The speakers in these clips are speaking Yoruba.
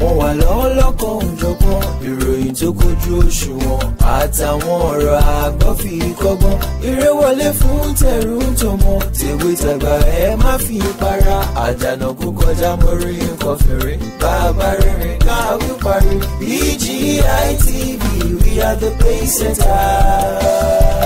wọ́n wà lọ́wọ́ lọ́kọ̀ òjọ̀gbọ́n ìròyìn tó kojú òṣùwọ̀n àtàwọn ọ̀rọ̀ àgbọ́ fi kọ́gbọ́n eré wọlé fún tẹ̀rù tọmọ tèwe tàgbà ẹ má fi para àdànà kó kọjá mọ́rí nǹkan fèrè bàbá rìnrìn káwí parí BGI we are the pace setters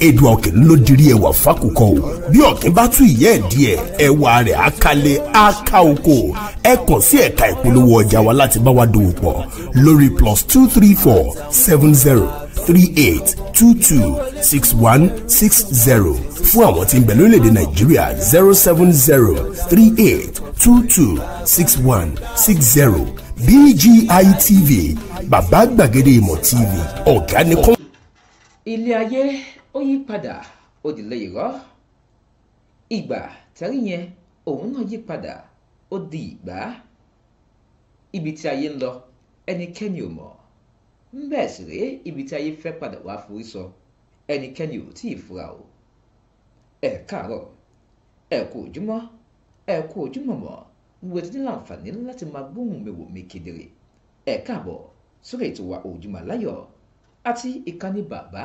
èdùn ọ̀kìn ló dirí ẹwà fákòkò o bí ọ̀kìn bá tú ìyá ẹ̀ ẹwà rẹ̀ àkàlẹ̀ àkà oko ẹ kàn sí ẹ̀ka ìpolówó ọjà wa láti bá wa dòwò pọ̀ lórí plus two three four seven zero three eight two two six one six zero fún àwọn tí ń bẹ lórílẹ̀‐èdè nàìjíríà zero seven zero three eight two two six one six zero BGI TV bàbá gbàgede ìmọ̀ TV ọ̀gá ni kọ́. ilé ayé ó yí padà ó dìlẹ̀ irọ́ ìgbà tẹ́rí yẹn òun náà yí padà ó di ìgbà ibi tí ayé ń lọ ẹnikẹ́ni ò mọ̀ bẹ́ẹ̀ sì rèé ibi tí ayé fẹ́ padà wá forí sọ ẹnikẹ́ni ò tíì fura o ẹ káàárọ̀ ẹ kú ojúmọ́ ẹ kú ojúmọ́ mọ́ gbogbo ti ní láǹfààní láti máa gbóhùn mi wò mí kedere ẹ káàbọ̀ sórí ètò wa Ojúmọ́ Láyọ̀ àti ìkànnì bàbá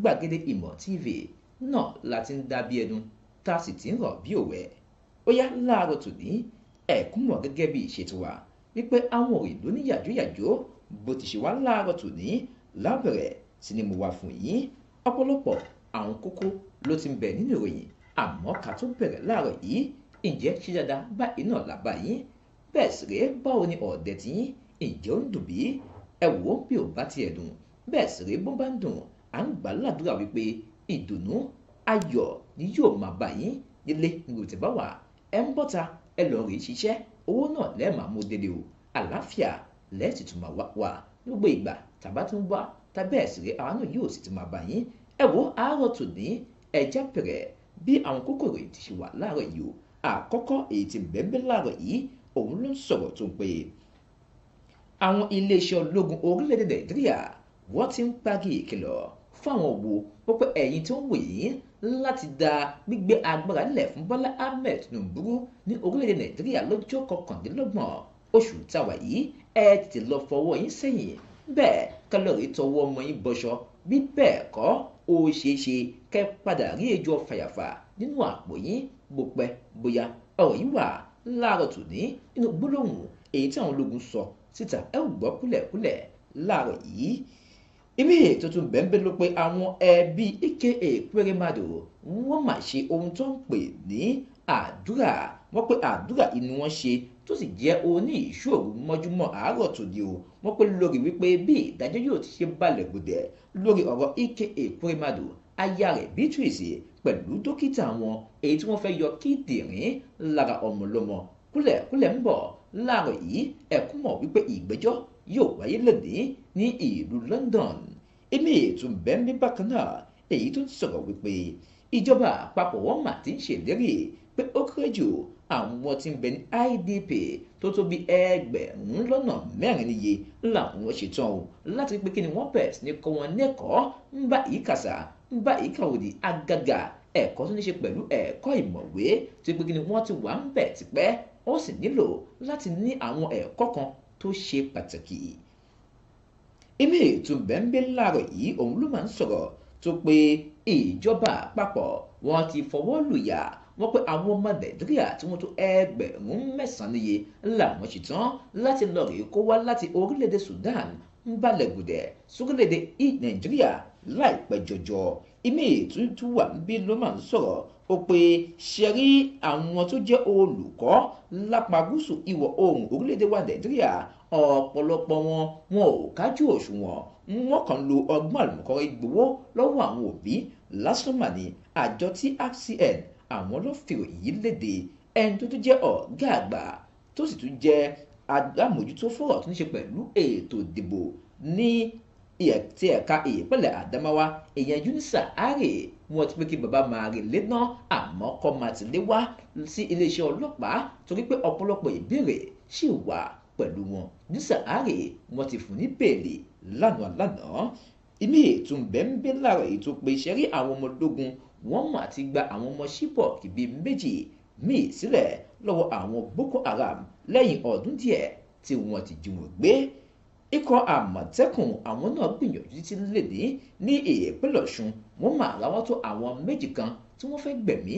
gbàgede ìmọ̀ tv náà láti ń dá bí ẹnu tá a sì ti ń rọ̀ bí òwẹ́ ó yá láàárọ̀ tòní ẹ̀kún mọ̀ gẹ́gẹ́ bí ìṣètò wa wípé àwọn òyìnbó ní yàjóyàjó bó ti ṣe wá láàárọ̀ tòní lábẹ̀rẹ̀ sí ni mo wá fún yín ọ̀pọ̀lọpọ̀ àwọn kókó ló ti ń bẹ nínú ìròyìn àmọ́ ká tó bẹ̀rẹ̀ láàárọ̀ yìí ǹjẹ́ ṣe dáadáa báyìí náà làbá yín bẹ́ẹ̀ sì rèé báwo ni ọ̀dẹ̀ tí yín ǹjẹ́ ó ń dùn bí ẹ wò ó bí ò bá tiẹ̀ dùn bẹ́ẹ̀ sì rèé bó bá ń dùn à ń gbà ládùúrà wípé ìdùnnú ayọ̀ ni yóò máa bá yín nílé nígbà tí bá wà ẹ ń bọ́ta ẹ lọ rèé ṣiṣẹ́ owó náà lẹ́ẹ̀ máa mú délé o àlàáfíà lẹ́ẹ̀tì tún máa wà gbogbo ìgbà tàbá tún wá tàbí ẹ̀sìn rẹ̀ àánú yóò sì ti máa bá yín ẹ wo àárọ̀ tòní ẹja pẹ̀rẹ̀ bí àwọn kòkòrò ti ṣe wà láàárọ̀ yìí o àkọ́kọ́ èyí tí bẹ́ẹ̀ láàárọ̀ yìí òun ló ń sọ̀rọ̀ tó ń pè é àwọn iléeṣẹ́ ológun orílẹ̀-èdè nàìjíríà wọ́n ti ń parí ìkìlọ̀ fún àwọn òwò ó pé ẹ̀yin tó ń wò láti da gbígbé agbára nílẹ̀ fún Bọ́lá Ahmed Tinubu ní orílẹ̀-èdè Nàìjíríà lọ́jọ́ kọkàndínlọ́gbọ̀n oṣù táwa yìí ẹ tètè lọ fọwọ́ yín sẹ́yìn bẹ́ẹ̀ kálọ̀rì tọwọ́ ọmọ yín bọṣọ bí bẹ́ẹ̀ kọ́ ó ṣeé ṣe kẹ́ padà rí ejò fàyàfà nínú àpò yín bó pẹ́ bóyá ọ̀rọ̀ yìí wà láàárọ̀ tòní nínú gbólóhùn èyí tí àwọn ológun sọ síta ẹ ò gbọ́ kúlẹ̀kúlẹ̀ láàárọ̀ yìí ìmí tuntun bẹ́ẹ̀ ló pé àwọn ẹbí aka Pearemadu wọ́n mà ṣe ohun tó ń pè ní àdúrà wọ́n pé àdúrà inú wọn ṣe tó sì jẹ́ oní ìṣòro mọ́júmọ́ àárọ̀ tòde o wọ́n pé lórí wípé bí ìdájọ́ yóò ti ṣe balẹ̀ gbòdẹ̀ lórí ọ̀rọ̀ aka Pearemadu aya rẹ̀ Beatrice pẹ̀lú dókítà wọn èyí tí wọ́n fẹ́ yọ kíndìnrín lára ọmọlọ́mọ kúlẹ̀kúlẹ̀ ń bọ̀ láàárọ̀ yìí ẹ̀kú mọ̀ wípé ìgbẹ́jọ́ yóò wáyé lónìí ní ìlú London ilé ètò bẹ́ẹ̀ni bákan náà èyí tó ń sọ̀rọ̀ wípé ìjọba àpapọ̀ wọn mà ti ń ṣèlérí pé ó kéré jù àwọn tí ń bẹ ní IDP tó tó bí ẹgbẹ̀rún lọ́nà mẹ́rin níye làwọn ṣetán o láti pé kí ni wọ́n bẹ̀rẹ̀ sí ní kọ́ wọn lẹ́kọ̀ọ́ ń bá yìí ń bá yìí kàwòdì ẹ̀kọ́ tó ní ṣe pẹ̀lú ẹ̀kọ́ ìmọ̀wé tó pé kí ni wọ́n ti wà ń bẹ̀ tipẹ́ ó sì nílò láti ní àwọn ẹ̀kọ́ kan tó ṣe pàtàkì ilé ìtúbẹ̀ńbẹ̀ láàrọ̀ yìí òun ló máa ń sọ̀rọ̀ tó pé ìjọba àpapọ̀ wọn ti fọwọ́ lùyà wọ́n pé àwọn ọmọ nàìjíríà tí wọ́n tó ẹgbẹ̀rún mẹ́sàn-án làwọn ṣetán láti lọ rèé kó wá láti orílẹ̀-èdè Sudan ń balẹ̀ gùdẹ̀ sórílẹ̀-èdè nàìjíríà láìpẹ́ jọjọ ìmí ìtútù wà bí ló máa ń sọ̀rọ̀ ó pé ṣe rí àwọn tó jẹ́ olùkọ́ lápá gúúsù ìwọ̀ oòrùn orílẹ̀-èdè wa nàìjíríà ọ̀pọ̀lọpọ̀ wọn wọn ò kájú òṣùwọ̀n wọn kàn lo ọgbọ́n àlùmọ̀kọ́rẹ́ gbowó lọ́wọ́ àwọn òbí lásùmàní àjọ tí FCN àwọn ló fèrò yìí léde ẹni tó tún jẹ́ ọ̀gá àgbà tó sì tún jẹ́ agbámójútó fọ́rọ̀ tó ní ṣe pẹ̀lú ètò ìdìbò ní ti ẹ̀ka ìpínlẹ̀ Adamawa ìyẹn Yunisa Ari wọ́n ti pé kí baba Mari lé náà àmọ́ kọ́ máa ti lé wá sí iléeṣẹ́ ọlọ́pàá torí pé ọ̀pọ̀lọpọ̀ ìbéèrè ṣì wà pẹ̀lú wọn Yunisa Ari wọ́n ti fún ní bẹ́ẹ̀lì lánàá lánàá ìmí ètò bẹ́ńbẹ́ láàrọ̀ ètò pé ìṣẹ́rí àwọn ọmọ ológun wọ́n mọ̀ àti gba àwọn ọmọ Chibok bíi méjì míì sílẹ̀ lọ́wọ́ àwọn Boko Haram lẹ́yìn ọdún díẹ̀ tí wọ́n ti jí wọn gbé ikọ̀ àmọ̀tẹ́kùn àwọn náà gbìyànjú títí lédè ní ìpínlẹ̀ ọ̀ṣun wọ́n mà láwọ́ tó àwọn méjì kan tí wọ́n fẹ́ gbẹ̀mí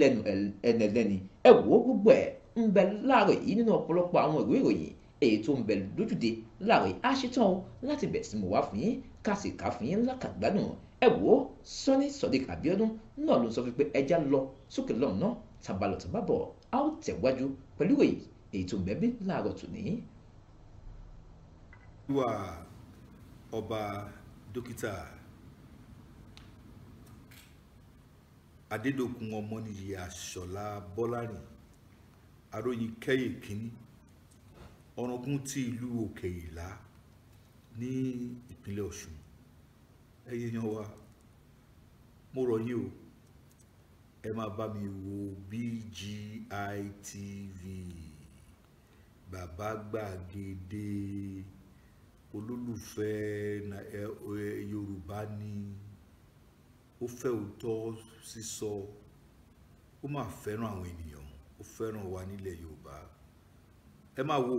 lẹ́nu ẹnẹlẹ́ni ẹ wò ó gbogbo ẹ̀ ń bẹ láàrọ̀ yìí nínú ọ̀pọ̀lọpọ̀ àwọn ìwé ìròyìn èyí tó ń bẹ lójúde láàrẹ̀ àṣetán o láti bẹ̀ sí mo wá fún yín ká sì ká fún yín lákàgbádùn ẹ wò ó sọ́ni sọ́dík àbíọ́dún náà ló sọ fún pé ẹja lọ sókè lọ́nà tàbálọ̀ tàbábọ̀ a ó tẹ̀wájú pẹ̀lú èyí ètò gbẹ̀bí láàárọ̀ tòní. wíwà ọba dókítà adédọ̀kun ọmọnìyí àṣọlá bọ́lárìn aróyin kẹ́yè kínní ọ̀ràngún ti ìlú òkè ìlá ní ìpínlẹ̀ ọ̀ṣun ẹ̀yin èèyàn wa mo rọ̀ yín o ẹ máa bá mi wo BGI TV bàbá gbàgede olólùfẹ́ yorùbá ni ó fẹ́ òótọ́ sísọ ó máa fẹ́ràn àwọn ènìyàn ó fẹ́ràn wa nílẹ̀ yorùbá ẹ máa wo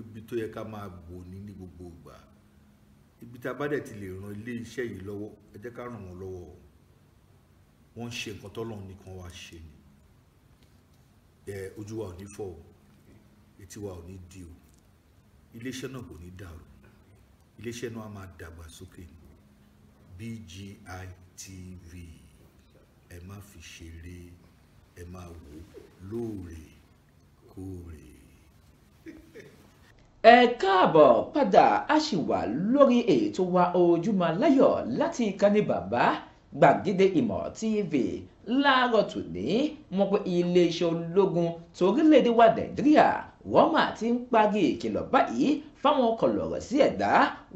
ibi tó yẹ ká máa bò ní ní gbogbo ìgbà ibi tá a bá dẹ̀ ti lè ran ilé iṣẹ́ yìí lọ́wọ́ ẹ jẹ́ ká ràn wọ́n lọ́wọ́ wọ́n ń ṣe nǹkan tọ́lọ́run nìkan wá ṣe ni ẹ ojú wa ò ní fọ́ o etí wa ò ní di o iléeṣẹ́ náà kò ní dàrú iléeṣẹ́ náà a máa dàgbà sókè BGI TV ẹ má fi ṣeré ẹ máa wò lóòrèkóòrè. ẹ káàbọ̀ padà a sì wà lórí ètò wa ojúmọ́ láyọ̀ láti ìkànnì bàbá gbàgede ìmọ̀ tv láàárọ̀ tòní wọ́n pé iléeṣẹ́ ológun torílẹ̀-èdè wa nàìjíríà wọ́n máa ti ń pagi ìkìlọ̀ báyìí fáwọn kọlọ̀rọ̀ sí ẹ̀dá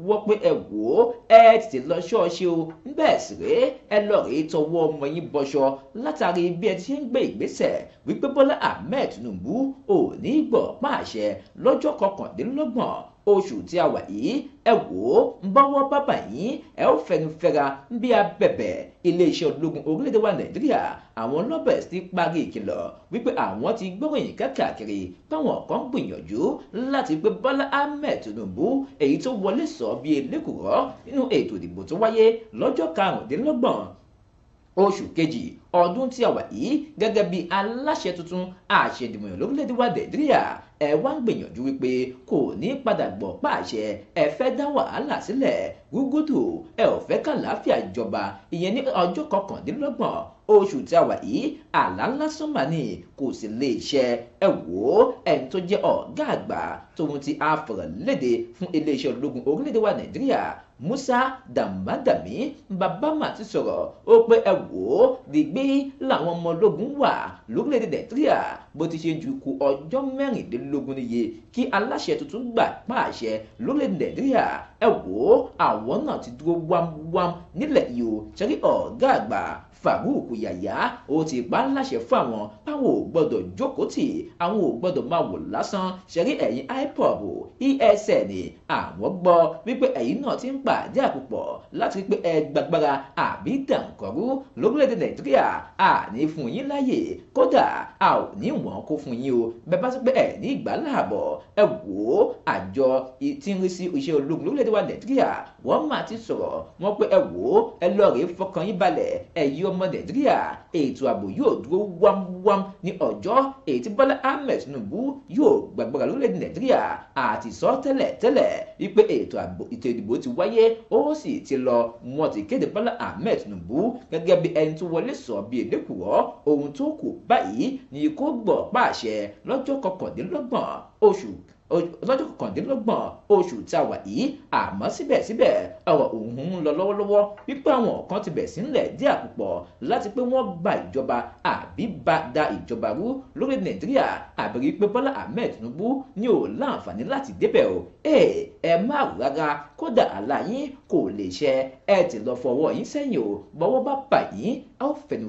wọ́n pé ẹ wò ó ẹ tètè lọ ṣọ́ọ̀ṣì o bẹ́ẹ̀ sì rèé ẹ lọ rèé tọwọ́ ọmọ yín bọṣọ látàrí bí ẹ ti ń gbé ìgbésẹ̀ wípé Bọ́lá Ahmed Tinubu ò ní gbọ̀ pàṣẹ lọ́jọ́ kọkàndínlọ́gbọ̀n oṣù tí a wà yìí ẹ wò ó bọ́wọ́ bábà yín ẹ ó fẹ̀yìn fẹ́ra bí abẹ̀bẹ̀ iléeṣẹ́ ológun orílẹ̀-èdè wa nàìjíríà àwọn lọ́bẹ̀s ti parí ìkìlọ̀ wípé àwọn ti gbóròyìn káàkiri báwọn kan gbìyànjú láti gbé bọ́lá ahmed tinubu èyí tó wọlé sọ bí elékùrọ́ nínú ètò ìdìbò tó wáyé lọ́jọ́ karùndínlọ́gbọ̀n oṣù kejì ọdún tí a wà yìí gẹ́gẹ́ bí aláṣẹ tuntun àṣẹdìmọ̀yàn lórílẹ̀‐èdè wa nàìjíríà ẹ wá ń gbìyànjú wípé kò ní padà gbọ́ pàṣẹ ẹ fẹ́ dá wàhálà sílẹ̀ gúgúdù ẹ ò fẹ́ kàlàáfíà jọba ìyẹn ní ọjọ́ kọkàndínlọ́gbọ̀n oṣù tí a wà yìí àlá ńlá sọ́mà ni kò sì lè ṣe ẹ wò ó ẹni tó jẹ́ ọ̀gá àgbà tóun ti afọ̀rọ̀lédè fún iléeṣẹ́ ológun orílẹ̀-èdè wa nàìjíríà musa dàmádàmí bàbá mà ti sọ̀rọ̀ ó pé ẹ wò ó digbí làwọn ọmọ ológun wà lórílẹ̀‐èdè nàìjíríà bó ti ṣe ju ku ọjọ́ mẹ́rìndínlógún níye kí aláṣẹ tuntun gbà pàṣẹ lórílẹ̀‐èdè nàìjíríà ẹ wò ó àwọn náà ti dúró wámúwámú nílẹ̀ yìí ó ṣẹ́rí ọ̀gá àgbà Farouk Yahya ó ti pa á láṣẹ fún àwọn táwọn ò gbọ́dọ̀ jókòó tì àwọn ò gbọ́dọ̀ máa wò lásán ṣẹ̀rí ẹ̀yìn ipob esn àwọn gbọ́ wípé ẹ̀yìn náà ti ń pàdé àpòpọ̀ láti pé ẹgbàgbára àbí dànkọ́rú lórílẹ̀‐èdè nàìjíríà àní fún yín láyè kódà a ò ní wọ́n kó fún yín o bẹ́ẹ̀ bá sọ pé ẹ̀ ní ìgbà ẹ wò ó àjọ tí ń rí sí iṣẹ́ ológun lórílẹ̀‐èdè wa nàìjíríà wọ́n máa ti sọ̀rọ̀ wọ́n pé ẹ wò ó ẹ lọ́ọ̀rẹ́ fọkàn yín balẹ̀ ẹ̀yìn ọm ọmọ nàìjíríà ètò ààbò yóò dúró wámúwám ní ọjọ́ èyí tí bọ́lá ahmed tinubu yóò gbàgbọ́ra lórílẹ̀‐èdè nàìjíríà àti sọ tẹ́lẹ̀ tẹ́lẹ̀ wípé ètò ààbò ètò ìdìbò ti wáyé ó sì ti lọ wọn ti kéde bọ́lá ahmed tinubu gẹ́gẹ́ bí ẹni tó wọlé sọ bí èdèkùrọ́ ohun tó kù báyìí ni kó gbọ́ pàṣẹ lọ́jọ́ kọkàndínlọ́gbọ̀n oṣù lọ́jọ́ kọkàndínlọ́gbọ̀n oṣù tí a wà yìí àmọ́ síbẹ̀síbẹ̀ ọ̀rọ̀ ọ̀hún ń lọ lọ́wọ́lọ́wọ́ wípé àwọn kan ti bẹ̀ẹ̀ sílẹ̀ díẹ̀ àpòpọ̀ láti pé wọ́n gba ìjọba àbí ba da ìjọba rú lórí nàìjíríà àbẹ̀rí pé bọ́lá ahmed tinubu ni ò láǹfààní láti débẹ̀ o ẹ ẹ má rò rárá kódà àlá kò lè ṣẹ ẹ ti lọ fọwọ́ yín sẹ́yìn o bọ́wọ́ bá bà yín á ó fẹnu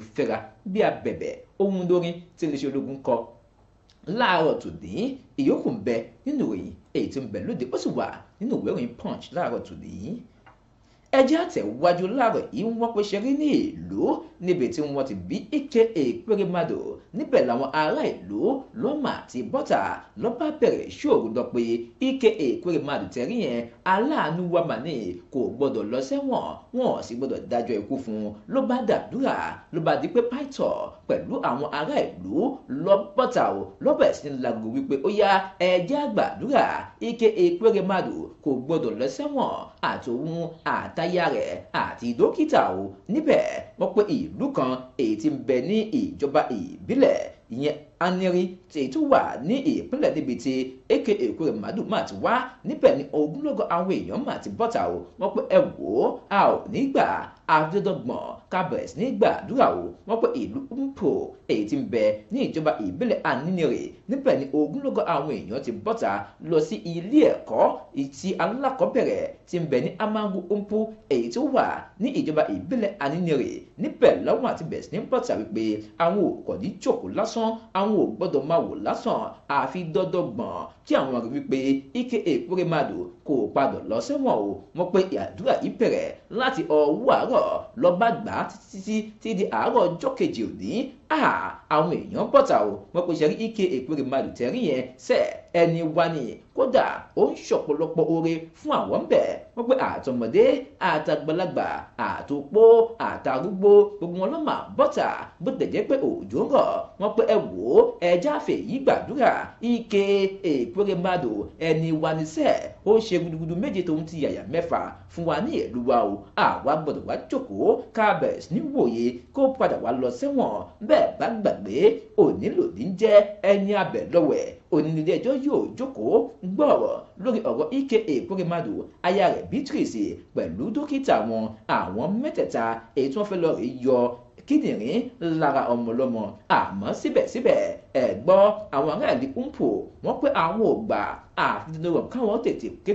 láàárọ̀ tòní ìyókù ń bẹ nínú ìròyìn èyí tí ń bẹ lóde ó sì wà nínú ìròyìn punch láàárọ̀ tòní ẹjẹ́ àtẹ̀wájú láàárọ̀ yìí wọ́n pé ṣe rí ní ìlú níbi tí wọ́n ti bí ike èpèrèmadò níbẹ̀ làwọn ará ìlú lọ́mà àti bọ́tà lọ́ba bẹ̀rẹ̀ ṣòro dọ̀pẹ́ ike Ekweremadu Àdùtẹ̀rí yẹn aláàánú wa mà ní kò gbọ́dọ̀ lọ sẹ́wọ̀n wọn ò sì gbọ́dọ̀ dájọ́ ikú fún un ló bá dàdúrà ló bá di pé pàìtọ̀ pẹ̀lú àwọn ará ìlú lọ bọ́tà o lọ́bẹ̀ sí ní lago wípé ó yá ẹ jẹ́ á gbàdúrà ike Ekweremadu kò gbọ́dọ̀ lọ sẹ́wọ̀n àtòun àtayá rẹ̀ àti dókítà o níbẹ̀ wọ́n pé ìlú kan èyí tí ń bẹ ní ìjọba ìbílẹ̀ Le, a nyeri, tí tó wà ní ìpínlẹ̀ níbi tí èké èkó rẹ̀ màdù máa ti wá níbẹ̀ ni ogunlọ́gọ̀ àwọn èèyàn máa ti bọ́ta o wọ́n pé ẹ wò ó a ò ní gbà àdúdọ́gbọ̀n kábẹ̀rẹ̀ sí ní gbàdúrà o wọ́n pé ìlú mpo èyí tí ń bẹ ní ìjọba ìbílẹ̀ ànínírè níbẹ̀ ni ogunlọ́gọ̀ àwọn èèyàn ti bọ́ta lọ sí ilé ẹ̀kọ́ ti alákọ̀ọ́bẹ̀rẹ̀ tí ń bẹ ní amangu mpo èyí tó wà ní ìjọba ìbílẹ̀ ànínírè níbẹ̀ lọ́wọ́ àti bẹ̀rẹ̀ sí ní bọ́ta wípé àwọn ò kọ̀ ní jòkó lásán àwọn ò gbọ́dọ̀ máa wò lásán àfi dọ́dọ̀gbọ̀n tí àwọn ọ̀rọ̀ wípé ike ekuremadu kò padà lọ sẹ́wọ̀n o wọ́n pé àdúrà yìí bẹ̀rẹ̀ láti ọwọ́ àárọ̀ lọ́ba gbà á títí tí di àárọ̀ ọjọ́ kejì òní àwọn èèyàn bọ̀tà o wọ́n pèsè rí ike ekuremadu tẹ̀rí yẹn sẹ́ ẹni wá ni kódà ó ń ṣọ̀pọ̀lọpọ̀ oore fún àwọn bẹ̀ wọ́n pé àtọmọdé àtàgbàlagbà àtòpó àtàrúgbó gbogbo wọn lọ́mà bọ́tà bó tẹ̀ jẹ́ pé òjò ń rọ̀ wọ́n pé ẹ wò ó ẹja fèyí gbàdúrà ike èkó Wéremadu ẹni wa níṣẹ́ ó ṣe gudugudu méje tòun ti yàyà mẹ́fà fún wa ní ìlú wa o àwa gbọ́dọ̀ wá jókòó kábẹ̀s níwòye kó padà wá lọ sẹ́wọ̀n bẹ́ẹ̀ bá gbàgbé òní lòdì ń jẹ́ ẹni abẹ lọ́wẹ̀ onílé ẹjọ́ yóò jókòó gbọ́rọ̀ lórí ọ̀rọ̀ ike Wéremadu aya rẹ̀ Beatrice pẹ̀lú dókítà wọn àwọn mẹ́tẹ̀ẹ̀ta èyí tí wọ́n fẹ́ lọ rí yọ kíndìnrín lára ọmọlọ́mọ àmọ́ síbẹ̀síbẹ̀ ẹ àwọn ará ìlú umpo wọ́n pé àwọn ò gbà àti káwọn tètè ké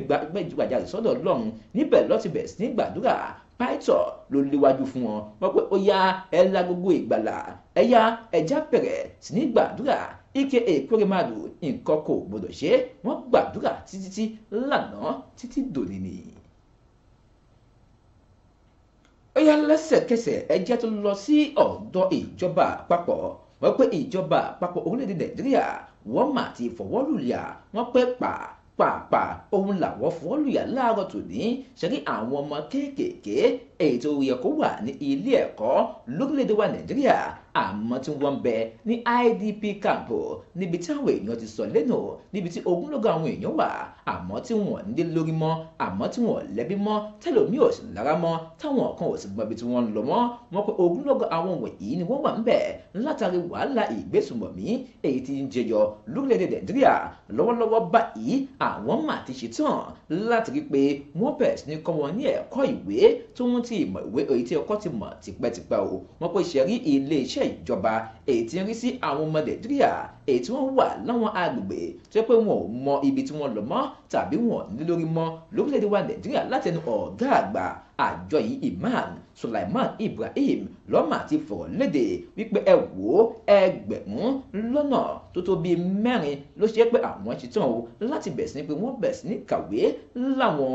gbàjáde sọ́dọ̀ ọlọ́run níbẹ̀ lọ́ti sí ní gbàdúrà pító ló léwájú fún wọn wọ́n pé ó yá ẹ lágogo ìgbàlà ẹ yá ẹjá bẹ̀rẹ̀ sí ní gbàdúrà ike èkórè máa lò nǹkan kò gbọdọ̀ ṣe wọ́n gbàdúrà títí lánàá títí dòní nìyí ó yá lẹ́sẹ̀kẹsẹ̀ ẹjẹ́ tó lọ sí ọ̀dọ̀ ìjọba àpapọ̀ wọ́n pé ìjọba àpapọ̀ orílẹ̀-èdè nàìjíríà wọ́n mà ti fọwọ́ lùyà wọ́n pẹ́ pa pàápàá òun làwọn fọwọ́ lùyà láàárọ̀ tòní ṣẹ́rí àwọn ọmọ kéékèèké èyí tó yẹ kó wà ní ilé ẹ̀kọ́ lórílẹ̀ wa nàìjíríà àmọ́ tí wọ́n ń bẹ ní idp camp níbi tí àwọn èèyàn ti sọ lẹ́nu níbi tí ogunlọ́gọ̀ àwọn èèyàn wà àmọ́ tí wọ́n ń dé lórí mọ́ àmọ́ tí wọ́n lẹ́bí mọ́ tẹ́lómi ò sì lára mọ́ táwọn kan ò sì gbọ́n ibi tí wọ́n ń lọ mọ́ wọn pé ogunlọ́gọ̀ àwọn wọ̀nyí ni wọ́n wà ń bẹ̀ látàrí wàhálà ìgbésùnmọ̀mí èyí tí ń jẹyọ lórílẹ̀ nàìjíríà lọ́wọ́lọ́wọ́ báyìí àwọn ti ìmọ̀ ìwé èyí tí ọkọ ti mọ̀ tipẹ́tipẹ́ o wọ́n pè ṣẹ́rí iléeṣẹ́ ìjọba èyí tí ń rí sí àwọn ọmọ nàìjíríà èyí tí wọ́n wà láwọn agbègbè tó yẹ pé wọn ò mọ ibi tí wọ́n lọ mọ́ tàbí wọn ò ní lórí mọ́ lórílẹ̀‐èdè wa nàìjíríà látẹnu ọ̀gá àgbà àjọ yìí imam Sulaiman Ibrahim lọ́mà ti fọ̀rọ̀ léde wípé ẹ wò ó ẹgbẹ̀rún lọ́nà tó tó bíi mẹ́rin ló ṣe é pé àwọn ti tán o láti bẹ̀rẹ̀ sí ni pé wọ́n bẹ̀rẹ̀ sí ní kàwé láwọn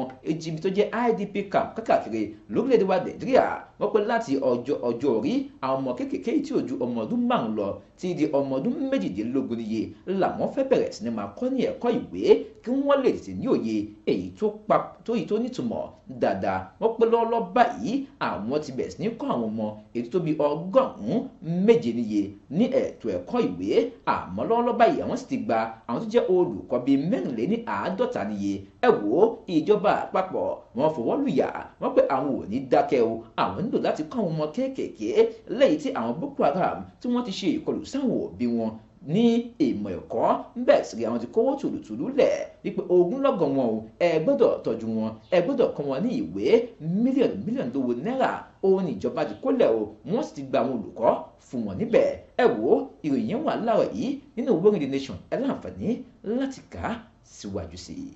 ibi tó jẹ́ IDP camp kákàkiri lórílẹ̀‐èdè wa Nàìjíríà wọ́n pẹ́ láti ọjọ́ ọjọ́ orí àwọn ọmọ kéékèèké tí ò ju ọmọ ọdún márùn lọ ti di ọmọ ọdún méjìdínlógún níye làwọn fẹ́ bẹ̀rẹ̀ sí ni máa kọ́ ní ẹ̀kọ́ ìwé kí wọ́n lè tètè ní òye èyí tó nítumọ̀ dáadáa wọ́n pẹ́ lọ́ọ́lọ́ báyìí àwọn ti bẹ̀rẹ̀ sí ní kọ́ àwọn ọmọ èyí tó bí ọgọ́rùn-ún méje níye ní ètò ẹ̀kọ́ ìwé àmọ́ lọ́ọ́lọ́ báyìí àwọn sì ti gba àwọn tó jẹ́ olùkọ́ bíi mẹ́rìnléní àádọ́ta níye ẹ ìjọba àpapọ̀ wọn fọwọ́ wọ́n pé àwọn ò dákẹ́ o àwọn ń lò láti kọ́ àwọn ọmọ kéékèèké lẹ́yìn tí àwọn Boko Haram tí wọ́n ti ṣe ìkọlù sáwọn òbí wọn ní ìmọ̀ ẹ̀kọ́ bẹ́ẹ̀ sì rí àwọn tí kówó tòlùtòlù lẹ̀ wípé ogunlọ́gọ̀ wọn o ẹ gbọ́dọ̀ tọ́jú wọn ẹ gbọ́dọ̀ kọ́ wọn ní ìwé mílíọ̀nù mílíọ̀nù lówó náírà òun ni ìjọba ti kólẹ̀ o wọ́n sì ti gba àwọn olùkọ́ fún wọn níbẹ̀ ẹ wo ìròyìn wà láàrọ̀ yìí nínú owó rìn nation ẹ láǹfààní láti kà á síwájú sí i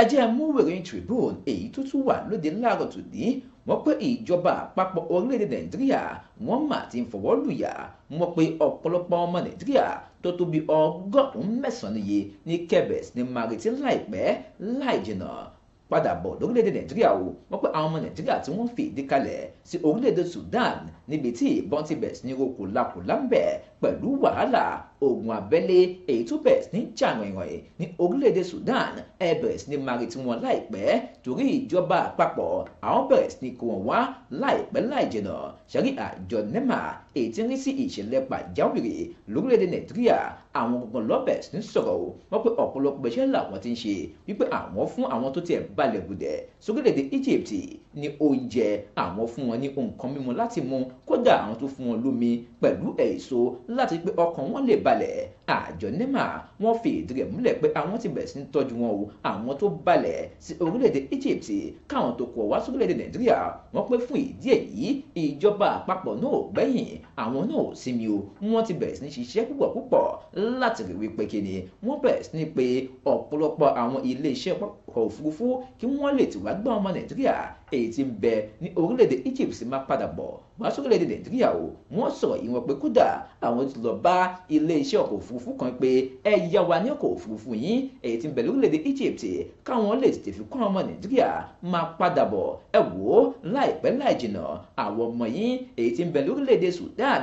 ẹ jẹ́ mú ìròyìn Tribune èyí tó tún wà lóde láàrọ̀ tòní wọ́n pé ìjọba àpapọ̀ orílẹ̀-èdè nàìjíríà wọ́n mà ti ń fọwọ́ lùyà wọ́n pé ọ̀pọ̀lọpọ̀ ọmọ nàìjíríà tó tó bí ọgọ́rùn-ún mẹ́sàn-án iye ní kẹ́bẹ̀s ní marití láìpẹ́ láì jìnnà padà bọ̀ lórílẹ̀-èdè nàìjíríà o wọ́n pé àwọn ọmọ nàìjíríà tí wọ́n fi ìdí kalẹ̀ sí orílẹ̀-èdè Sudan níbi tí ìbọn ti bẹ̀rẹ̀ sí ní roko ń bẹ̀ pẹ̀lú wàhálà ogun abẹ́lé èyí tó bẹ̀rẹ̀ sí ní jàǹrìnrìn ní orílẹ̀-èdè Sudan ẹ bẹ̀rẹ̀ sí ní mari tí wọn láìpẹ́ torí ìjọba àpapọ̀ àwọn bẹ̀rẹ̀ sí ní kó wọn wá láìpẹ́ láìjìnà ṣẹ́rí àjọ nema èyí tí ń rí sí ìṣẹ̀lẹ̀ pàjáwìrì lórílẹ̀-èdè Nàìjíríà àwọn gbọ̀ngàn lọ́bẹ̀ sí sọ̀rọ̀ o pé ọ̀pọ̀lọpọ̀ iṣẹ́ làwọn ti ń ṣe wípé àwọn fún àwọn tó tiẹ̀ balẹ̀ gùdẹ̀ sórílẹ̀-èdè Egypt ní oúnjẹ àwọn fún wọn ní nǹkan mímu láti mu kódà àwọn tó fún wọn lómi pẹ̀lú èso láti pé ọkàn wọn lè balẹ̀ àjọ nema wọ́n fi ìdí rẹ̀ múlẹ̀ pé àwọn ti bẹ̀rẹ̀ sí ń tọ́jú wọn o àwọn tó balẹ̀ sí orílẹ̀-èdè Egypt káwọn tó kọ̀ wá sórílẹ̀-èdè Nàìjíríà wọ́n pé fún ìdí èyí ìjọba àpapọ̀ náà gbẹ̀yìn àwọn náà sinmi o wọ́n ti bẹ̀rẹ̀ sí ní ṣiṣẹ́ púpọ̀ púpọ̀ láti rí wípé kíni wọ́n bẹ̀rẹ̀ sí ní pé ọ̀pọ̀lọpọ̀ àwọn iléeṣẹ́ ọkọ̀ òfurufú kí wọ́n lè ti wá gbá ọmọ Nàìjíríà èyí tí ń bẹ ní orílẹ̀-èdè Egypt sì máa padà wọ́n aṣọ orílẹ̀-èdè nàìjíríà o wọ́n sọ̀rọ̀ yìí wọn pé kódà àwọn ti lọ bá ilé iṣẹ́ ọkọ̀ òfurufú kan pé ẹ yá wa ní ọkọ̀ òfurufú yín èyí tí ń bẹ lórílẹ̀-èdè Egypt káwọn lè tètè fi kún ọmọ nàìjíríà máa padà bọ̀ ẹ wò ó láìpẹ́ láì jìnà àwọn ọmọ yín èyí tí ń lórílẹ̀-èdè Sudan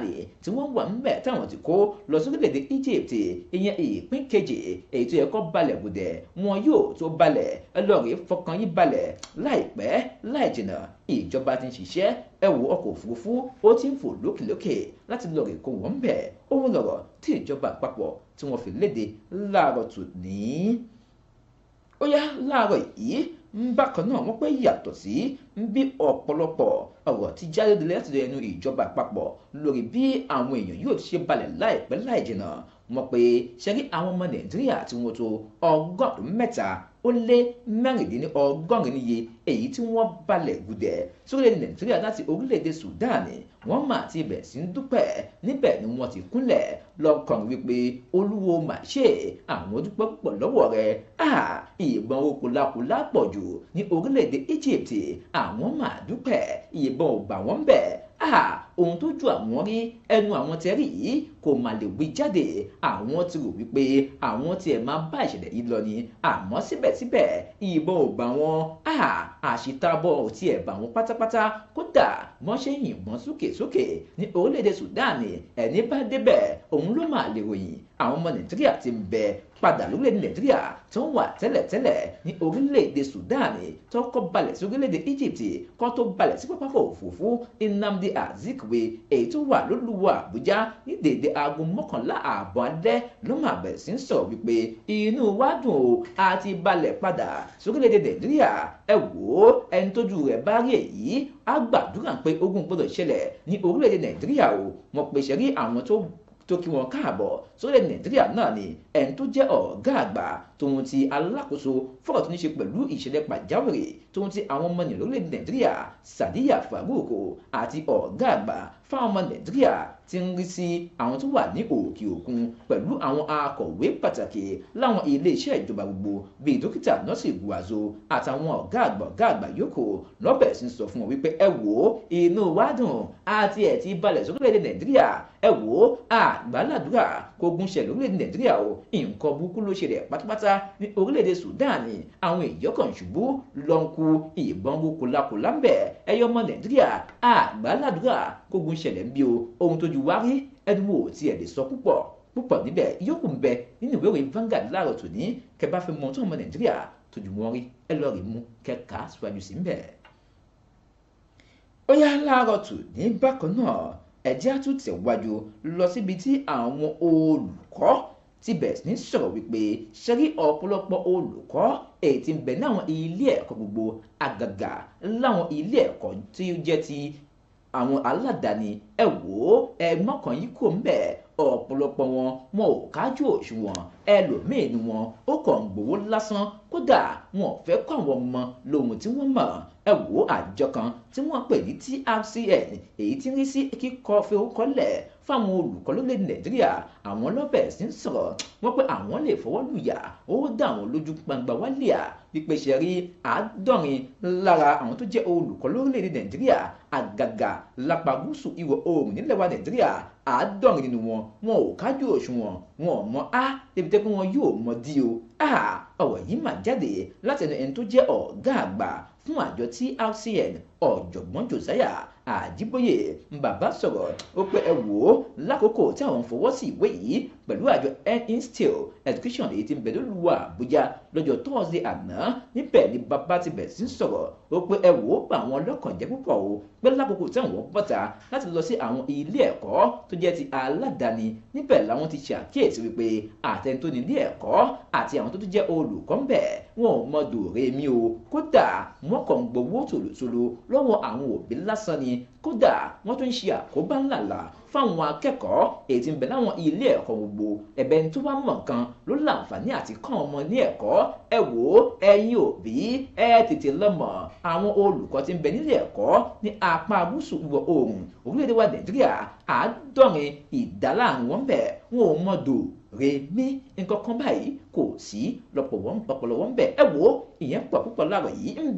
tí wọ́n wà ńbẹ̀ táwọn ti kó lọ sórílẹ̀-èdè Egypt ìyẹn ìpín kejì èyí tó yẹ kó balẹ̀ gùdẹ̀ wọn yóò tó balẹ̀ ẹlọ́rìí fọkàn yín balẹ̀ láìpẹ́ láì jìnà ìjọba ti ń ṣiṣẹ́ ẹ ọkọ̀ òfurufú ó ti ń fò lókèlókè láti lọ rè kó wọn bẹ̀ òun lọ̀rọ̀ tí ìjọba àpapọ̀ tí wọ́n fi léde láàárọ̀ tòní. ó yá láàárọ̀ yìí bákan náà wọ́n pé yàtọ̀ sí bí ọ̀pọ̀lọpọ̀ ọ̀rọ̀ ti jáde délé láti ẹnu ìjọba àpapọ̀ lórí bí àwọn èèyàn yóò ṣe balẹ̀ láìpẹ́ láìjìnà wọ́n pé ṣe àwọn ọmọ nàìjíríà tí wọ́n tó ọgọ́rùn-ún mẹ́ta ó lé mẹ́rìndínlọ́gọ́rin níye èyí tí wọ́n balẹ̀ gùdẹ̀ sórílẹ̀ nàìjíríà láti orílẹ̀-èdè Sudan wọ́n mà ti bẹ̀ sí ń dúpẹ́ níbẹ̀ ni wọ́n ti kúnlẹ̀ lọ́kàn wípé olúwo mà ṣe àwọn dúpẹ́ púpọ̀ lọ́wọ́ rẹ ìbọn oko lákòlá pọ̀ jù ní orílẹ̀-èdè Egypt àwọn mà dúpẹ́ ìbọn ò bà wọ́n bẹ̀ ohun tójú àwọn rí ẹnu àwọn tẹ́rì yìí kò mà lè wí jáde àwọn ti rò wípé àwọn tiẹ̀ máa bá ìṣẹ̀lẹ̀ yìí lọ ni àmọ́ síbẹ̀síbẹ̀ ìbọn ò bá wọn àṣìtàbọ̀ ò tiẹ̀ bá wọn pátápátá kódà wọ́n ṣe yìnbọn sókèsókè ní orílẹ̀-èdè Sudan ẹni bá débẹ̀ òun ló mà lè ròyìn àwọn ọmọ Nàìjíríà ti ń bẹ padà lórílẹ̀ nàìjíríà tó ń wà tẹ́lẹ̀tẹ́lẹ̀ ní orílẹ̀‐èdè sudan tó kọ́ balẹ̀ sí orílẹ̀‐èdè egypt kó tó balẹ̀ sí pápákọ̀ òfurufú nnamdi azikiwe èyí tó wà lólùwọ àbújá ní dèdè aago mọ́kànlá ààbọ̀ alẹ́ ló máa bẹ̀rẹ̀ sí ń sọ wípé inú wa dùn o a ti balẹ̀ padà sórílẹ̀‐èdè nàìjíríà ẹ wò ó ẹni tójú rẹ̀ bá rí èyí á gbàdúrà pé ogun gbọ́dọ̀ ṣẹlẹ̀ ní orílẹ̀-èdè nàìjíríà o mọ̀ pé ṣẹ́rí àwọn tó tó kí wọn káàbọ̀ sórí nàìjíríà náà ni ẹni tó jẹ́ ọ̀gá àgbà tòun ti alákòóso fọ́rọ̀ tó ní ṣe pẹ̀lú ìṣẹ̀lẹ̀ pàjáwìrì tòun ti àwọn ọmọ nìlórí nàìjíríà sàdíyà fàrúkò àti ọ̀gá àgbà fáwọn ọmọ nàìjíríà ti ń rí sí àwọn tó wà ní òkè òkun pẹ̀lú àwọn akọ̀wé pàtàkì láwọn iléeṣẹ́ ìjọba gbogbo bíi dókítà nọ́ọ̀sì guazo àtàwọn ọ̀gá àgbà ọ̀gá àgbà yòókù lọ́bẹ̀ sí sọ fún wọn wípé ẹ wò ó inú wa dùn àti ẹ̀ ti balẹ̀ sórílẹ̀-èdè nàìjíríà ẹ wò ó àgbàládùra kógun ṣẹ lórílẹ̀-èdè nàìjíríà o nǹkan burúkú ló ṣe rẹ̀ pátápátá ní orílẹ̀-èdè sudan àwọn èèyàn kan ṣubú lọ́nkú ìbọn kó kólákólá ṣẹlẹ̀ ń bí o ohun tó ju wárí ẹnu wo ti ẹ̀ lè sọ púpọ̀ púpọ̀ níbẹ̀ yókù ń bẹ nínú ìwé ìròyìn Vanguard láàárọ̀ tòní kẹ́ bá fẹ́ mọ tó ọmọ Nàìjíríà tó jù wọ́n rí ẹ lọ́ọ́ rí mú kẹ́ka síwájú sí ń bẹ̀. ó yá láàárọ̀ tòní bákan náà ẹ̀jẹ̀ á tún tẹ̀wájú lọ síbi tí àwọn olùkọ́ ti bẹ̀rẹ̀ ní sọ̀rọ̀ wípé ṣẹ́rí ọ̀pọ̀lọpọ̀ olùkọ́ èyí tí ń bẹ láwọn ilé ẹ̀kọ́ gbogbo àgàgà láwọn ilé ẹ̀kọ́ tí ó jẹ́ ti àwọn aládàáni ẹ wò ó ẹ mọ́kàn yìí kò ń bẹ̀ wọn wọn ò kájú òṣùwọ̀n ẹlòmíì ni wọn ó kàn gbowó lásán kódà wọn ò fẹ́ kọ́ àwọn ọmọ lóhun tí wọ́n mọ̀ ẹ wò ó àjọ kan tí wọ́n pè ní TRCN èyí tí ń rí sí kíkọ́ fi fáwọn olùkọ́ lólè nàìjíríà àwọn lọ́bẹ̀ sí ń sọ̀rọ̀ wọ́n pé àwọn lè fọwọ́ lùyà ó dá àwọn lójú gbangba wálé pípẹ́ ṣe àádọ́rin lára àwọn tó jẹ́ olùkọ́ lórílẹ̀‐èdè nàìjíríà àgàgà lápá gúúsù ìwọ̀ oòrùn nílẹ̀ wa nàìjíríà àádọ́rin nínú wọn wọn ò kájú òṣùwọ̀n wọn ò mọ a débi tẹ́kun wọn yóò mọ dí o a ọ̀rọ̀ yìí mà jáde láti ẹnu ẹni tó jẹ́ ọ̀gá àgbà fún àjọ TRCN ọ̀jọ̀gbọ́n josiah àjíbóyè bàbá sọ̀rọ̀ ó pé ẹ wò ó lákòókò tí àwọn fọwọ́ sí ìwé yìí pẹ̀lú àjọ instil education èyí tí ń bẹ àbújá lọ́jọ́ tọ́sídẹ̀ẹ́ àná níbẹ̀ ni bàbá ti bẹ̀ sí sọ̀rọ̀ ó pé ẹ wò ó bá àwọn lọ́kàn jẹ́ púpọ̀ o pé lákòókò tí àwọn bọ́ta láti lọ sí àwọn ilé ẹ̀kọ́ tó jẹ́ ti aládàáni níbẹ̀ làwọn ti ṣàkíyèsí wípé àtẹni ilé ẹ̀kọ́ lọ́wọ́ àwọn òbí lásán ni kódà wọ́n tún ń ṣe àkóbá ńláńlá fáwọn akẹ́kọ̀ọ́ èyí tí ń bẹ láwọn ilé ẹ̀kọ́ gbogbo ẹ̀bẹ̀ tó bá mọ̀ kan ló láǹfààní àti kọ́ ọmọ ní ẹ̀kọ́ ẹ wò ó ẹ̀yin òbí ẹ tètè lọ́mọ̀ àwọn olùkọ́ tí ń bẹ nílé ẹ̀kọ́ ní apá gúúsù ìwọ̀ oòrùn orílẹ̀-èdè wa nàìjíríà àádọ́rin ìdálá àwọn bẹ̀ wọn ò mọ̀ dò rèmí nǹkan kan báyìí kò sí lọ́pọ̀lọpọ̀ ń bẹ ẹ wo ìyẹn pọ̀ púpọ̀ láàrọ̀ yìí ń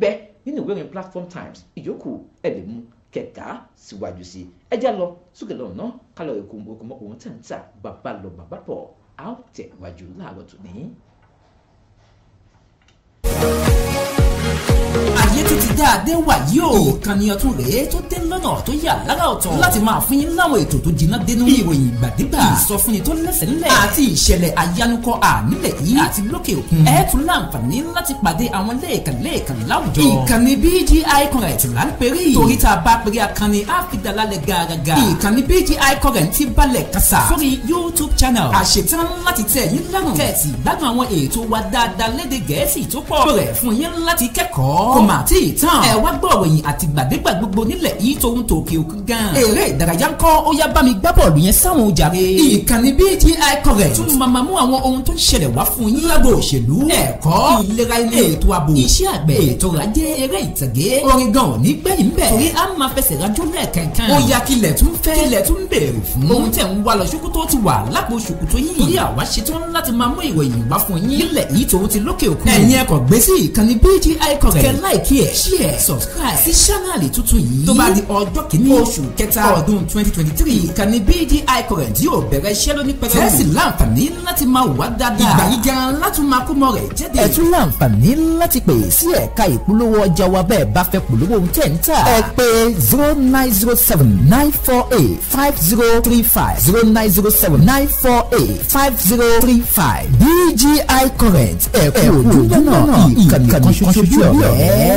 nínú ìwé ìrìn platform times ìyókù ẹ lè mú kẹta síwájú sí ẹ já lọ sókè lọ́rùn náà kálọ̀ èkó okòmọkòmọ tẹ̀ ń tà bàbá lọ bàbá pọ̀ á tẹ̀wájú láàrọ̀ tòní ayé títí dáadé wà yìí o ìkànnì ọ̀tún rèé tó dé lọ́nà tó yà lára ọ̀tọ̀ láti máa fún yín láwọn ètò tó jiná dénú ìròyìn ìgbàdégbà ìsọfúnni tó lẹ́sẹ̀ ńlẹ̀ àti ìṣẹ̀lẹ̀ ayánukọ ànílẹ̀ yìí àti lókè òkun ẹ tún láǹfààní láti pàdé àwọn lẹ́ẹ̀kan lẹ́ẹ̀kan láwùjọ ìkànnì BGI Current là ń pèrè torí tá a bá pèrè akanni á fi dalalẹ̀ gàràgà ìkànnì BGI Current ti balẹ̀ kásá YouTube channel àṣetán láti tẹ̀ yín lọ́rùn kẹ̀sì gbádùn àwọn ètò wa dáadáa léde gẹ̀ẹ́sì tó pọ̀ bẹ̀rẹ̀ fún yín láti kẹ́kọ̀ọ́ mà tí ì tán. ẹ wá gbọ́ ìròyìn àti gbàdégbà gbogbo nílẹ̀ yìí tóun tó òkè òkun gan. eré ìdárayá ń kọ́ ó yá bá mi gbá bọ́ọ̀lù yẹn sáwọn òjàre. ìkànnì BGI Correct tún máa mú àwọn ohun tó ń ṣẹlẹ̀ wá fún yín. lágbo òṣèlú ẹ̀kọ́ ìlera ilé ètò ààbò iṣẹ́ àgbẹ̀ ètò ọrọ̀ajé eré ìtàgé orin gan ò ní gbẹ̀yìn bẹ̀. torí a máa fẹsẹ̀ rajó lẹ́ẹ̀kankan láìkí ẹ̀ share subscribe sí ṣánáàlì tuntun yìí tó bá di ọjọ́ kìíní oṣù kẹta ọdún twenty twenty three ìkànnì BGI current yóò bẹ̀rẹ̀ iṣẹ́ lóní pẹ̀lú. tẹ́sí láǹfààní láti máa wá dáadáa ìgbà yìí gan látún máa kó mọ rẹ̀ jáde. ẹ tún láǹfààní láti pè sí ẹ̀ka ìpolówó ọjà wa bẹ́ẹ̀ bá fẹ́ polówó ohun tẹ̀ ń tà. ẹ pè zero nine zero seven nine four eight five zero three five zero nine zero seven nine four eight five zero three five BGI current ẹ̀kú òjò náà ìkànnì kan ṣoṣo bí ọ̀rẹ́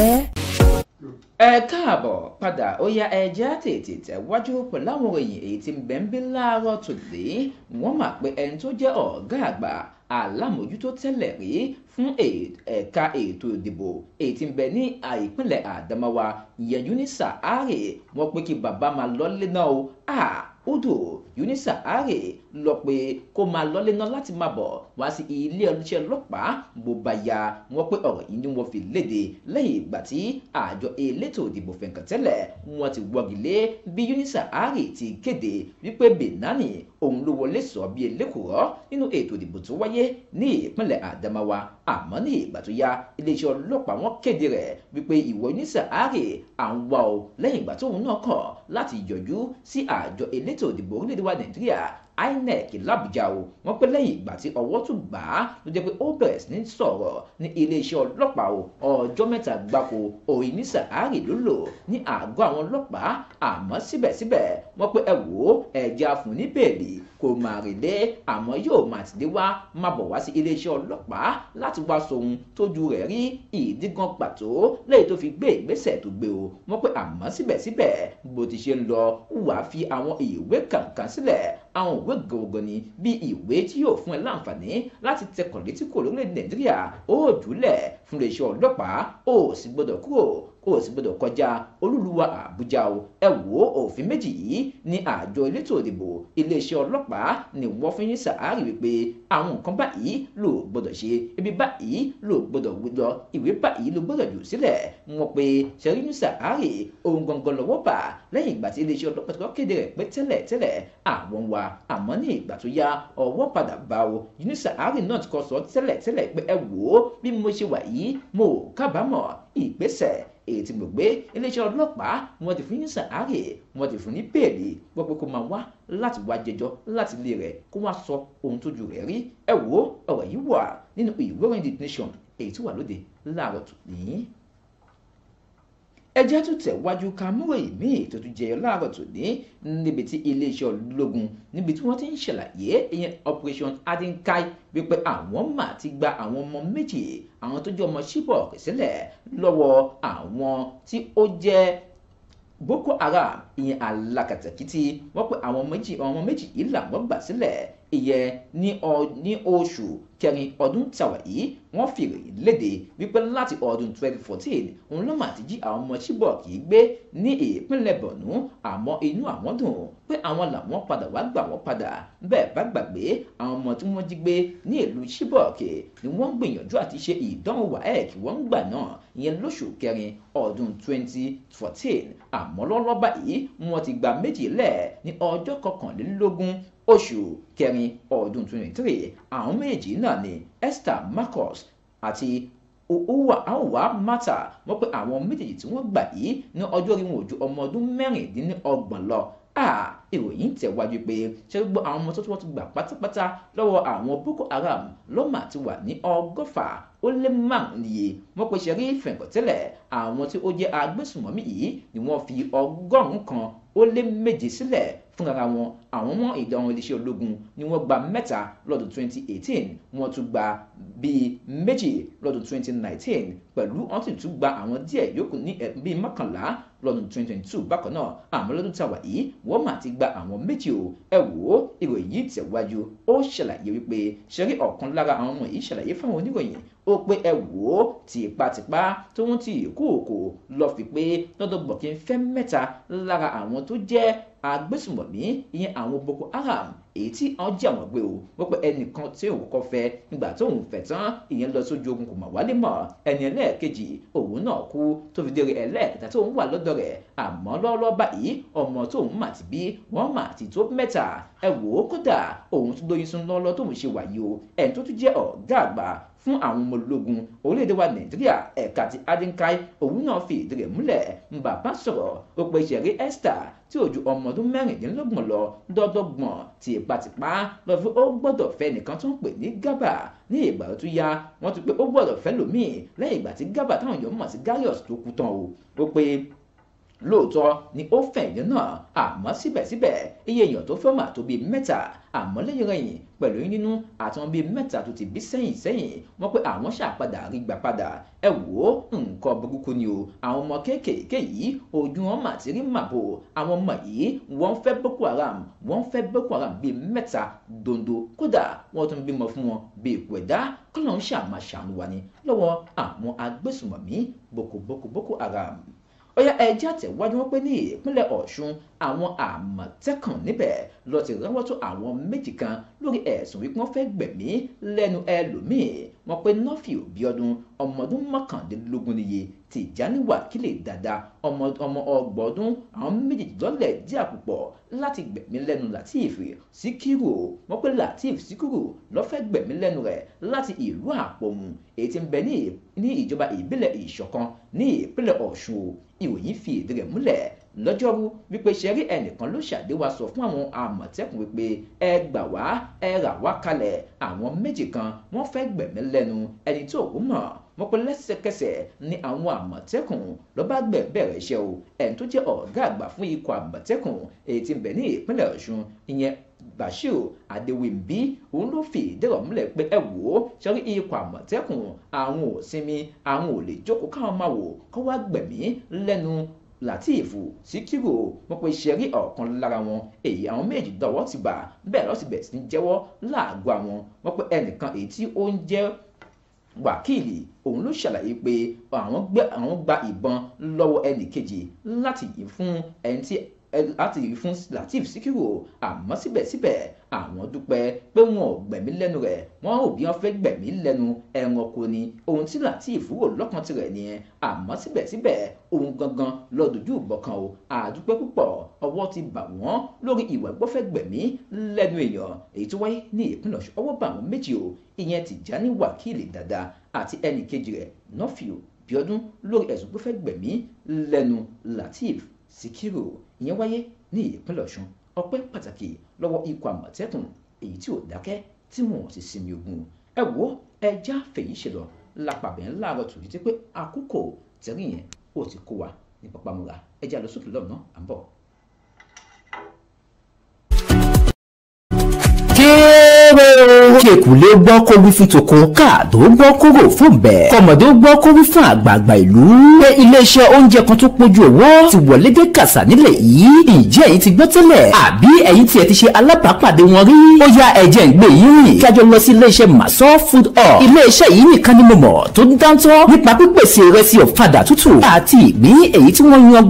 ẹ káàbọ̀ padà ó yá ẹja tètè tẹ̀wájú pẹ̀lú àwọn òyìn èyí tí ń bẹ̀ ń bí láàárọ̀ tòde wọ́n mà pé ẹni tó jẹ́ ọ̀gá àgbà alámòjútó tẹ́lẹ̀ rí fún ẹ̀ka ètò ìdìbò èyí tí ń ní ìpínlẹ̀ Àdámáwá yẹn Yunisa Are wọ́n pé kí bàbá máa lọ́lé náà o Udo Yunisa Are lọ pé kó máa lọ́lé náà láti máa bọ̀ wá sí ilé iṣẹ́ ọlọ́pàá bó bá ya wọ́n pé ọ̀rọ̀ yìí ni wọ́n fi léde lẹ́yìn ìgbà tí àjọ elétò ìdìbò fẹ̀ǹkàntẹ́lẹ̀ wọ́n ti wọ́gi lé bí Yunisa Ari ti kéde wípé Benani òun ló wọlé sọ bí elékùrọ́ nínú ètò ìdìbò tó wáyé ní ìpínlẹ̀ Adamawa àmọ́ ní ìgbà tó yá iléeṣẹ́ ọlọ́pàá wọn kéde rẹ̀ wípé ìwọ Yunisa Ari à ń wá lẹ́yìn ìgbà tóun náà kọ̀ láti yọjú sí àjọ elétò ìdìbò orílẹ̀-èdè wa Nàìjíríà INEC làbújá o wọ́n pé lẹ́yìn ìgbà tí ọwọ́ tún gbà á ló jẹ́ pé ó bẹ̀rẹ̀ sí ní sọ̀rọ̀ ní iléeṣẹ́ ọlọ́pàá o ọjọ́ mẹ́ta gbáko òyìn ní sàárì ló lò ní àgọ́ àwọn ọlọ́pàá àmọ́ síbẹ̀síbẹ̀ wọ́n pé ẹ wò ó ẹ̀já ní bèèlì kò mà rèlé àmọ́ yóò mà tìdé wá má bọ̀ wá sí iléeṣẹ́ ọlọ́pàá láti wá sóhun tójú rẹ̀ rí ìdí gan pàtó lẹ́yìn tó fi gbé ìgbésẹ̀ tó gbé o wọ́n pé àmọ́ síbẹ̀síbẹ̀ bó ti ṣe ń lọ wàá fi àwọn ìwé kankan sílẹ̀ àwọn òwe gògò ni bí ìwé tí yóò fún ẹ láǹfààní láti tẹkọ̀ létí kò lórílẹ̀ nàìjíríà ó jùlẹ̀ fún iléeṣẹ́ ọlọ́pàá ó sì gbọ́dọ̀ kúrò o sì gbọdọ̀ kọjá olúluwa àbújá o ẹ wò ó òfin méjì yìí ní àjọ elétò òdìbò iléeṣẹ́ ọlọ́pàá ni wọ́n fi ń ṣàárì wípé àwọn nǹkan báyìí ló gbọdọ̀ ṣe ibi báyìí ló gbọdọ̀ wùdọ̀ ìwé báyìí ló gbọdọ̀ jù sílẹ̀ wọ́n pe ṣẹ́rí ní ṣàárì ohun gangan lọ́wọ́ bà lẹ́yìn ìgbà tí iléeṣẹ́ ọlọ́pàá ti kọ́ kéde rẹ̀ pé tẹ́lẹ̀ tẹ́lẹ̀ àwọn wa àmọ́ ní ìgbà tó yá ọwọ́ padà bá o yìí ṣàárì náà ti kọ́ sọ tẹ́lẹ̀ tẹ́lẹ̀ pé ẹ wò bí mo ṣe wà yìí mo kábàámọ̀ ìgbésẹ̀ ètí gbògbé iléeṣẹ́ ọlọ́pàá wọ́n ti fún ní sàárè wọ́n ti fún ní bẹ́ẹ̀lì wọ́n pé kó máa wá láti wá jẹjọ́ láti ilé rẹ̀ kó wá sọ ohun tójú rẹ̀ rí ẹ wo ọ̀rọ̀ yìí wà nínú ìwé ìròyìn The Nation èyí tó wà lóde láàárọ̀ tòní ẹjẹ́ tún tẹ̀wájú ká múròyìn míì tó tún jẹyọ láàárọ̀ tòní níbi tí iléeṣẹ́ ológun níbi tí wọ́n ti ń ṣàlàyé ìyẹn operation adinkai wípé àwọn mà ti gba àwọn ọmọ méjì àwọn tó jẹ́ ọmọ Chibok sílẹ̀ lọ́wọ́ àwọn tí ó jẹ́ Boko Haram ìyẹn alákatakítí wọ́n pé àwọn méjì àwọn méjì yìí làwọn gbà sílẹ̀ ìyẹn ní oṣù kẹrin ọdún tàwa yìí wọ́n fìrè léde wípé láti ọdún 2014 òun ló mà ti jí àwọn ọmọ Chibok yìí gbé ní ìpínlẹ̀ Borno àmọ́ inú àwọn dùn pé àwọn làwọn padà wá gbà wọ́n padà bẹ́ẹ̀ bá gbàgbé àwọn ọmọ tí wọ́n jí gbé ní ìlú Chibok ni wọ́n gbìyànjú àti ṣe ìdánwò WAEC wọ́n ń gbà náà ìyẹn lóṣù kẹrin ọdún 2014 àmọ́ lọ́lọ́ báyìí wọ́n ti gba méjì lẹ̀ ní ọjọ́ kọkànlélógún oṣù kẹrin ọdún 23 three àwọn méjì náà ni Esther Marcus àti Uwa Awa Mata wọ́n pé àwọn méjèèjì tí wọ́n gbà yìí ní ọjọ́ orí wọn ò ju ọmọ ọdún mẹ́rìndínlọ́gbọ̀n lọ ìròyìn tẹ̀wájú pé ṣé gbogbo àwọn ọmọ tó tí wọ́n ti gbà pátápátá lọ́wọ́ àwọn Boko Haram lọ́mà ti wà ní ọgọ́fà ó lé márùn nìyí wọ́n pe ṣẹ́rí fẹ̀ǹkọ̀tẹ́lẹ̀ àwọn tí ó jẹ́ agbésùnmọ̀mí yìí ni wọ́n fi ọgọ́rùn kan ó lé méje sílẹ̀ fúnra wọn àwọn mọ èdè àwọn iléeṣẹ́ ológun ni wọ́n gba mẹ́ta lọ́dún 2018 wọ́n tún gba bíi méjì lọ́dún 2019 pẹ̀lú wọ́n sì tún gba àwọn díẹ̀ yòókù ní bíi mọ́kànlá lọ́dún 2022 bákan náà àmọ́ lọ́dún tá a wà yìí wọ́n máa ti gba àwọn méjì o ẹ wò ó ìròyìn yìí tẹ̀wájú ó ṣàlàyé wípé ṣẹ́rí ọ̀kan lára àwọn ọmọ yìí ṣàlàyé fáwọn oníròyìn ó pé ẹ wò ó tìpátìpá tó ń ti ìkú òkò lọ fi pé lọ́dọ̀ bọ̀kí ń fẹ́ lára àwọn tó jẹ́ agbésùmọ̀mí ìyẹn àwọn Boko Haram èyí tí àwọn jẹ́ àwọn gbé o wọ́n pẹ́ ẹnìkan tí òun kọ́ fẹ́ nígbà tí òun fẹ́ tán ìyẹn lọ sójú ogun kò mà wálé mọ̀ ẹni ẹlẹ́ẹ̀kejì òun náà kú tó fi dèrè ẹlẹ́ẹ̀kẹta tí òun wà lọ́dọ̀ rẹ̀ àmọ́ lọ́wọ́lọ́wọ́ báyìí ọmọ tó òun mà ti bí wọ́n mà ti tó mẹ́ta ẹ kódà òun tó lóyún sún lọ́lọ́ fún àwọn ọmọ ológun orílẹ̀-èdè wa nàìjíríà ẹ̀ka ti adinkai òun náà fi ìdí rẹ̀ múlẹ̀ ń bàbá sọ̀rọ̀ ó pe ìṣẹ̀rí esther tí òjò ọmọ ọdún mẹ́rìndínlógún lọ dọ́dọ́gbọ̀n tí ìpatìpá lọ fi ó gbọ́dọ̀ fẹ́ nìkan tó ń pè ní gábà ní ìgbà tó yá wọ́n ti pé ó gbọ́dọ̀ fẹ́ lòmíì lẹ́yìn ìgbà tí gábà táwọn èèyàn mọ̀ sí garius tó kú tán o ó pe lóòótọ́ ni ó fẹ̀yìn náà àmọ́ síbẹ̀síbẹ̀ iye èèyàn tó fẹ́ mà tó bíi mẹ́ta àmọ́ lẹ́yìn rẹ̀yìn pẹ̀lú yín nínú àtàwọn bíi mẹ́ta tó ti bí sẹ́yìn sẹ́yìn wọ́n pé àwọn ṣàpadà rí gbà padà ẹ wò ó nǹkan burúkú ni o àwọn ọmọ kéékèèké yìí ojú wọn mà ti rí màbo àwọn ọmọ yìí wọ́n fẹ́ boko haram wọ́n fẹ́ boko haram bíi mẹ́ta dondo kódà wọ́n tún bímọ fún wọn bíi ìpò ẹ̀dá kọ́lọ́n ṣàmàṣàánú wa ni lọ́wọ́ àwọn agbésùnmọ̀mí boko boko boko haram ó yá ẹjẹ́ wọn pé ní ìpínlẹ̀ ọ̀ṣun àwọn àmọ̀tẹ́kùn níbẹ̀ ló ti rọ́wọ́ tó àwọn méjì kan lórí ẹ̀sùn wípé wọ́n fẹ́ gbẹ̀mí lẹ́nu ẹlòmíì wọ́n pe nọ́ọ̀fì òbíọdún ọmọ ọdún mọ́kàndínlógún níye tìjání wákìlì dáadáa ọmọ ọmọ ọgbọ̀ọ́dún àwọn méjèèjì lọ́lẹ̀ díà púpọ̀ láti gbẹ̀mí lẹ́nu latif síkírù wọ́n pe latif síkírù ló fẹ́ gbẹ̀mí lẹ́nu rẹ̀ láti ìlú àpòmù èyí tí ń bẹ ní ìjọba ìbílẹ̀ ìṣọ̀kan ní ìpínlẹ̀ ọ̀ṣun ìròyìn fi ìdí rẹ̀ múlẹ̀ lọ́jọ́rú wípé ṣẹ́rí ẹnìkan ló ṣàdéwà sọ fún àwọn àmọ̀tẹ́kùn wípé ẹ gbà wá ẹ rà wá kalẹ̀ àwọn méjì kan wọ́n fẹ́ gbẹ̀mí lẹ́nu ẹni tí òun mọ̀ wọ́n pe lẹ́sẹ̀kẹsẹ̀ ni àwọn àmọ̀tẹ́kùn ló bá gbẹ̀ bẹ̀rẹ̀ iṣẹ́ o ẹni tó jẹ́ ọ̀gá àgbà fún ikọ̀ àmọ̀tẹ́kùn èyí tí ń bẹ ní ìpínlẹ̀ Ọ̀ṣun ìyẹn Bashir Adéwìnbí òun ló fi ìdí rẹ̀ múlẹ̀ pé ẹ wò ó sẹ́rí ikọ̀ àmọ̀tẹ́kùn àwọn ò sinmi àwọn ò lè jókòó káwọn máa wò kó wá gbẹ̀mí lẹ́nu látìfù síkírò wọn pe ṣe rí ọ̀kan lára wọn èyí àwọn méjì dọ̀wọ́ ti bà bẹ́ẹ̀ lọ́sibẹ̀ sí ń jẹ́wọ́ láàgọ́ àwọn wọn pe ẹnìkan èyí tí ó ń jẹ́ wákìlì òun ló ṣàlàyé pé àwọn gba ìbọn lọ́wọ́ ẹnì e kejì láti yìn fún ẹni tí láti fún Lateef Síkírù àmọ́ síbẹ̀síbẹ̀ àwọn dúpẹ́ pé wọn ò gbẹ̀mí lẹ́nu rẹ̀ wọn ò bí wọn fẹ́ gbẹ̀mí lẹ́nu ẹranko ni ohun tí Lateef wò lọ́kàn tirẹ̀ nìyẹn àmọ́ síbẹ̀síbẹ̀ ohun gangan ló dojú ìbọn kan o àdúpẹ́ púpọ̀ ọwọ́ ti bà wọ́n lórí ìwà ìgbọ́fẹ́ gbẹ̀mí lẹ́nu èèyàn èyí tó wáyé ní ìpínlẹ̀ Ọ̀ṣun ọwọ́ bà wọ́n méjì o ìyẹn Tìjání wákìlì dada àti ẹnì kejì rẹ̀ nọ́fìò Bíọ́dún lórí ẹ̀sùn gbọ́fẹ́ gbẹ̀mí lẹ́nu Lateef síkírù ìyẹn wáyé ní ìpínlẹ̀ ọ̀ṣun ọpẹ́ pàtàkì lọ́wọ́ ikọ̀ àmọ̀tẹ́kùn èyí tí ò dákẹ́ tí wọn ò sinmi ogun ẹ wo ẹja fèyí ṣe lọ lápàbẹ̀ ńlá àrọ̀ tòjú tí pé àkókò tẹ̀rín yẹn ó ti kó wa ní pàpàmọ́ra ẹja lọ sókè lọ́nà à o. kí èkùlé gbọ́ kó wí fún tòkun káàdó gbọ́ kóró fún bẹ́ẹ̀. kọ̀mọ̀dé gbọ́ kó wí fún àgbààgbà ìlú. pé iléeṣẹ́ oúnjẹ kan tó pójú owó ti wọlé dé kàṣà nílẹ̀ yìí. ǹjẹ́ èyí ti gbọ́ tẹ́lẹ̀ àbí ẹ̀yin tiẹ̀ ti ṣe alábàápàdé wọn rí. ó ya ẹ̀jẹ̀ ń gbé yín rìn. kí lọ sí iléeṣẹ́ maso food hall. iléeṣẹ́ yìí nìkan ni mo mọ̀ tó ń dáńtọ́ nípa pípèsè ìrẹsì ọ̀fadà tútù àti ìgbín èyí tí wọ́n yan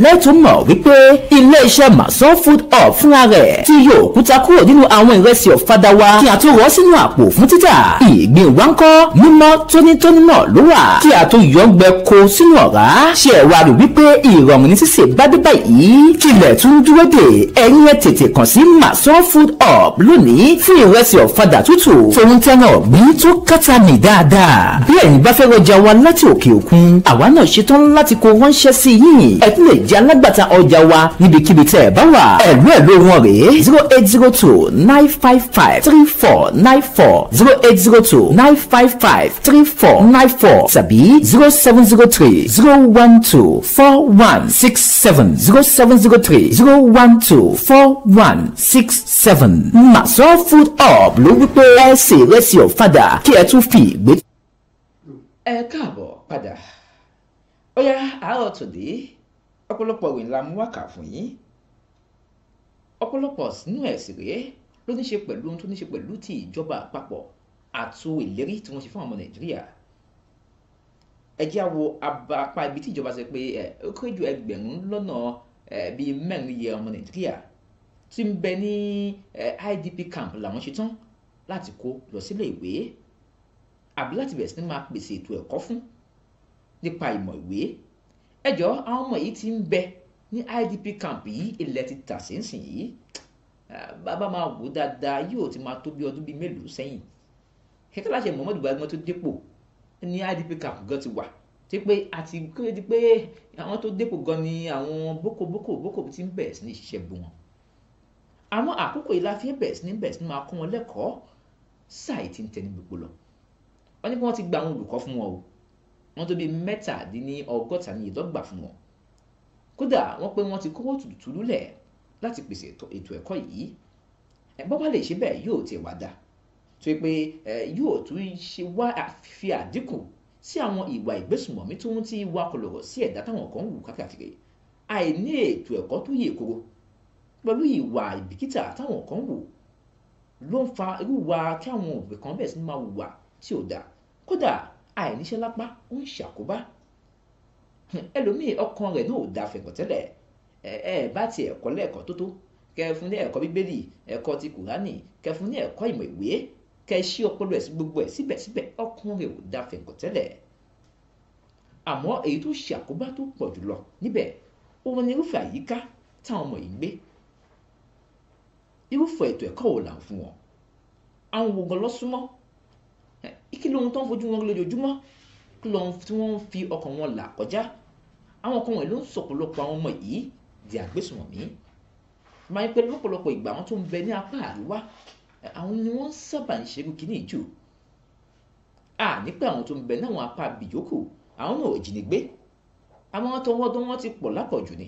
gbẹ ó tún mọ̀ wípé ilé-iṣẹ́ mason food up, fúnra rẹ̀ ti yọ òkúta kúrò nínú àwọn ìrẹsì ọ̀fadà wa kí a tó rọ́ sínú àpò fún títà ìgbín wa ń kọ́ mímọ́ tónítóní náà ló wà kí a tó yọ ń gbẹ ko sínú ọ̀rá ṣe ẹ̀wà rò wípé ìrọ̀rùn ní sísè bá dé báyìí kílẹ̀ tún dúró dè ẹ̀yin ẹ̀ tètè kàn sí mason food hub lónìí fún ìrẹsì ọ̀fadà tútù tòun tẹ́ran ọ̀gbìn tó kátà ní dáadáa bí ẹ̀yin bá fẹ́ rọjà wa láti òkè òkun àwa náà ṣetán láti kó ránṣẹ́ sí yín ẹ̀ tún jẹ́ alágbàtà ọjà wa níbikíbi tẹ́ ẹ bá wà ẹ̀lú ẹ̀ ló wọ̀n rèé zero eight zero two nine five five three four nine four zero eight zero two nine five five three four nine four tàbí zero seven zero three zero one two four one six seven zero seven zero three zero one two four one six seven. Maso Food Hub ló wípé ẹ ṣe ìrẹsì ọ̀fadà kí ẹ tún fi ìgbé. ẹ káàbọ̀ padà yeah, yá àárọ̀ tòde ọ̀pọ̀lọpọ̀ ìròyìn la mú wá kà fún yín ọ̀pọ̀lọpọ̀ sínú ẹ̀ sì rèé ló ní ṣe pẹ̀lú ohun tó ní ṣe pẹ̀lú ti ìjọba àpapọ̀ àtò ìlérí tí wọ́n ṣe fún ọmọ Nàìjíríà ẹ jẹ́ á wo apá ibi tí ìjọba ṣe pé ó kéré ju ẹgbẹ̀rún lọ́nà bíi mẹ́rin yẹ ọmọ Nàìjíríà tí ń bẹ ní IDP camp làwọn ṣe tán láti kó lọ sílé ìwé àbí láti bẹ̀rẹ̀ sí ní máa pèsè ètò ẹ̀kọ́ fún nípa ìmọ̀ ìwé ẹjọ́ àwọn ọmọ yìí ti ń bẹ ní idp camp yìí ilẹ̀ ti tà sínsìn yìí bàbá máa wò dáadáa yóò ti máa tó bí ọdún bíi mélòó sẹ́yìn kẹ́kẹ́ láṣẹ Muhammadu Buhari tó dépò ní idp camp gan ti wà tí pé àti kéré di pé àwọn tó dépò gan ni àwọn boko boko boko ti ń bẹ̀rẹ̀ sí ní ṣẹ́gun wọn àmọ́ àkókò yìí la fi bẹ̀rẹ̀ sí ní bẹ̀rẹ̀ sí ní máa kọ́ wọn lẹ́kọ̀ọ́ sáà ti ń tẹni gbogbo lọ wọ́n ní kí wọ́n ti gba àwọn olùkọ́ fún wọn o wọ́n tó bíi mẹ́tàdínní ọgọ́ta ní ìdọ́gba fún wọn kódà wọ́n pé wọ́n ti kówó tùtù lulẹ̀ láti pèsè ètò ẹ̀kọ́ yìí ẹ̀gbọ́n bá lè ṣe bẹ́ẹ̀ yóò ti wà dá tó yẹ pé yóò tún ṣe wá fi àdínkù sí àwọn ìwà ìgbésùmọ̀mí tó ń ti wá kọlọ̀rọ̀ sí ẹ̀dá táwọn kan ń wù kákàkiri àìní ètò ẹ̀kọ́ tó yè koro pẹ̀lú ìwà ìbìkítà táwọn kan wù ló ń fa irú wa tí àwọn òbí kan bẹ̀rẹ̀ sí máa wùwà tí ò dáa kódà àìníṣẹ́ lápá ó ń ṣàkóbá ẹlòmíì ọkàn rẹ̀ náà ò da fẹ̀kọ̀ tẹ́lẹ̀ ẹ ẹ bá ti ẹ̀kọ́ lẹ́ẹ̀kọ́ tó tó kẹ fún ní ẹ̀kọ́ bíbélì ẹ̀kọ́ ti kùránì kẹ fún ní ẹ̀kọ́ ìmọ̀ ìwé kẹ ṣí ọpọlọ ẹ̀ sí gbogbo ẹ̀ síbẹ̀síbẹ̀ ọkàn rẹ̀ ò da fẹ̀kọ̀ tẹ́lẹ̀ àmọ́ èyí tó ṣàkóbá tó pọ̀ jùlọ níbẹ̀ òun ni irúfẹ́ àyíká táwọn ọmọ yìí ń gbé irúfẹ́ ètò ẹ̀kọ́ wo là ń fún wọn àwọn wo gan lọ́súnmọ́ kí lóhun tó ń fojú wọn lójoojúmọ́ kí lóhun tí wọ́n ń fi ọkàn wọn là kọjá àwọn kan wọ̀nyí ló ń sọ̀pọ̀lọpọ̀ àwọn ọmọ yìí di àgbésùnmọ̀mí máa ń pẹ́ lọ́pọ̀lọpọ̀ ìgbà àwọn tó ń bẹ ní apá àríwá àwọn ni wọ́n sábà ń ṣerú kíní jù à ní àwọn tó ń bẹ náwọn apá bìyókù àwọn náà jìnnìgbé àwọn tọwọ́ tó wọ́n ti pọ̀ lápọ̀jù ni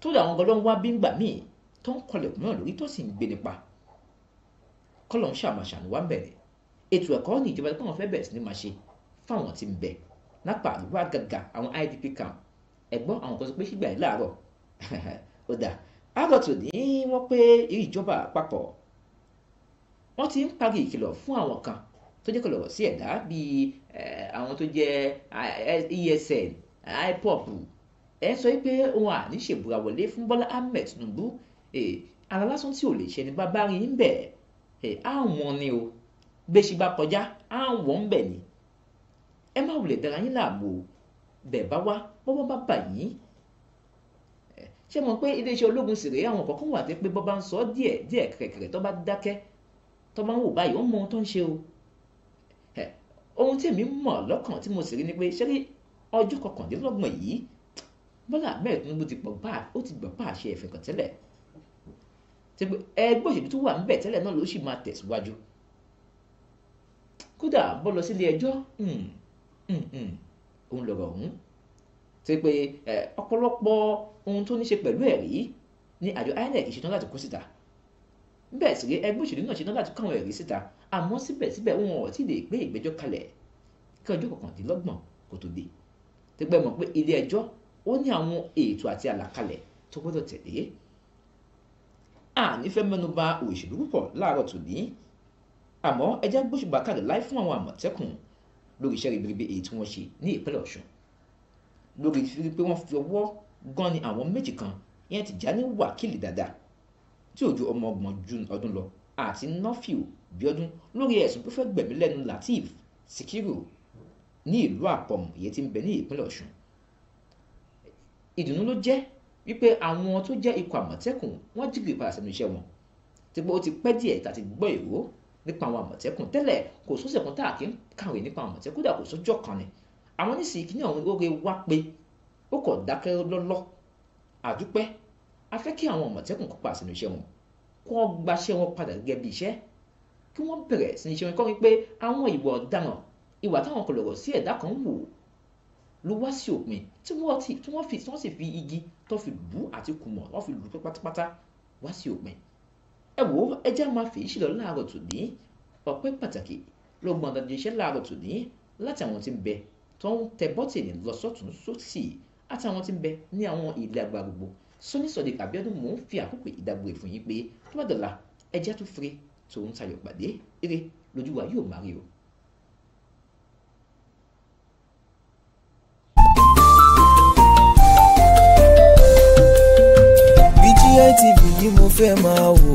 tó dà àwọn gọlọ́n wá bí ń gbà míì tó ń kọlẹ̀kùn náà lórí tó sì ń gbé nípa kọlọ̀ ń ṣàmàṣàánú wá bẹ̀rẹ̀ ètò ẹ̀kọ́ ní ìjọba tó kàn fẹ́ bẹ̀rẹ̀ sí ni máa ṣe fáwọn tí ń bẹ lápá àdúgbò àgàgà àwọn idp camp ẹ̀gbọ́n àwọn kan sọ pé ṣígbà yìí láàárọ̀ ó dà àárọ̀ tó ní wọ́n pé ìjọba àpapọ̀ wọ́n ti ń parí ìkìlọ̀ fún àwọn kan tó jẹ́ kọlọ̀rọ̀ sí ẹ̀dá bíi àwọn tó jẹ́ ESN IPOB ẹ sọ pé òun àní ṣèbúra wọlé fún Bọ́lá Ahmed Tinubu ara lásán tí ò lè ṣe ni bàbá rìn ń bẹ̀ àwọn ni o gbèsè bá kọjá á wọ̀ bẹ̀ ni ẹ má wulẹ̀ dára yín láàmú o bẹ̀ bá wá bọ́bọ́ bá bà yín ṣé mo pé iléeṣẹ́ ológun sì rèé àwọn kọ̀ọ̀kan wà tẹ́ pé bọ́ ń sọ díẹ̀ díẹ̀ kẹ̀kẹ̀rẹ̀ tó bá dákẹ́ tó bá ń wò báyìí ó mọ ohun tó ń ṣe o ohun tí èmi mọ̀ lọ́kàn tí mo sì ni pé ṣẹ́rí ọjọ́ kọkàndínlọ́gbọ̀n yìí Bọ́lá Ahmed Tinubu ti pọ̀ bá ó ti gbọ̀ bá àṣẹ ìfẹ̀kàn tẹ́lẹ̀ ẹgbẹ́ òṣèlú tó wà ń bẹ̀ tẹ́lẹ̀ náà ló sì máa tẹ̀síwájú kódà bọ́ lọ sílé ẹjọ́ hmm, hmm, hmm, òun lọ̀rọ̀ ọ̀hún ṣe pé ọ̀pọ̀lọpọ̀ ohun tó ní ṣe pẹ̀lú ẹ̀rí ni àjọ INEC ṣetán láti kó síta bẹ́ẹ̀ sì rí ẹgbẹ́ òṣèlú náà ṣetán láti kó àwọn ẹ̀rí síta àmọ́ síbẹ̀síbẹ̀ wọn ò tí ì lè gbé ìgbẹ́jọ́ kalẹ̀ kí ọjọ́ kọkàndínlọ́gbọ̀n kò tó dé tẹgbẹ́ mọ̀ pé ilé ẹjọ́ ó ní àwọn ètò àti àlàkalẹ̀ tó gbọ́dọ̀ tẹ̀lé àní fẹ́ mẹ́nuba òṣèlú púpọ̀ láàárọ̀ tòní àmọ́ ẹ jẹ́ gbóṣùbà kárí láì fún àwọn àmọ̀tẹ́kùn lórí iṣẹ́ ribiribi èyí tí wọ́n ṣe ní ìpínlẹ̀ ọ̀ṣun lórí fífi pé wọ́n fi ọwọ́ gan ni àwọn méjì kan ìyẹn Tìjání wákìlì dáadáa tí ò ju ọmọ ọgbọ̀n ju ọdún lọ àti nọ́fìl bíọ́dún lórí ẹ̀sùn pé fẹ́ gbẹ̀mí lẹ́nu Lateef Sikiru ní ìlú àpọ̀mù èyí tí ń bẹ ní ìpínlẹ̀ ọ̀ṣun ìdùnnú ló jẹ́ wípé àwọn tó jẹ́ ikọ̀ àmọ̀tẹ́kùn wọ́n jìgì padà sẹ́nu iṣẹ́ wọn tí pé ó ti pẹ́ díẹ̀ tàti gbọ́ ìró nípa àwọn àmọ̀tẹ́kùn tẹ́lẹ̀ kò sọ́sẹ̀ kan tá a kì í kàwé nípa àmọ̀tẹ́kùn kódà kò sọ́jọ́ kan ni àwọn nísìnyí kí ní àwọn oore wá pé ó kọ̀ dákẹ́ lọ́lọ́ àdúpẹ́ a fẹ́ kí àwọn àmọ̀tẹ́kùn kópa sínú iṣẹ́ wọn kó wọ́n gbaṣẹ́ wọn padà gẹ́gẹ́ bí iṣẹ́ kí wọ́n bẹ̀rẹ̀ sí iṣẹ́ wọn kọ́ wípé àwọn ìwà ọ̀daràn ìwà táwọn kò lọ̀rọ̀ sí ẹ̀dá kan wò ló wá sí òpin tí wọ́n sì fi igi tó fi lù àti kùmọ̀ tó fi lù pátápátá wá sí òpin ẹ wò ó ẹ jẹ́ máa fi ìṣìlọ láàárọ̀ tòní ọpẹ́ pàtàkì lọ́gbọ́n àdàjọ iṣẹ́ láàárọ̀ tòní láti àwọn tí ń bẹ tó ń tẹ bọ́tìnì lọ́sọ̀tún sósì àtàwọn tí ń bẹ ní àwọn ilé àgbà gbogbo sọ́ní sọ̀dẹ̀ àbíọ́dún mò ń fi àkókò ìdàgbò ìfún yín pé tó bá dọ̀la ẹ jẹ́ tó fure tòun tayọ̀ pàdé eré lójú wa yóò máa rí o. BGI TV yìí mo fẹ́ máa wò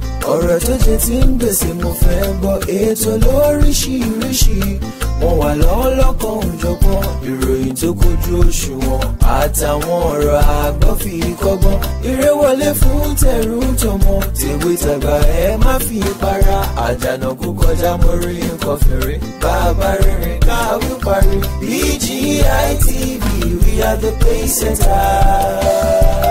ọ̀rọ̀ tó jẹ ti ń gbèsè mo fẹ́ gbọ́ ètò lóríṣiríṣi wọn wà lọ́wọ́ lọ́kàn òjọ̀gbọ́n ìròyìn tó kojú òṣùwọ̀n àtàwọn ọ̀rọ̀ àgbọ́ fi kọ́gbọ́n eré wọlé fún tẹ̀rù tọmọ tèwe tàgbà ẹ má fi para àdànà kú kọjá mórí nǹkan fèrè bàbá rìnrìn káwí parí BGI we are the pace setters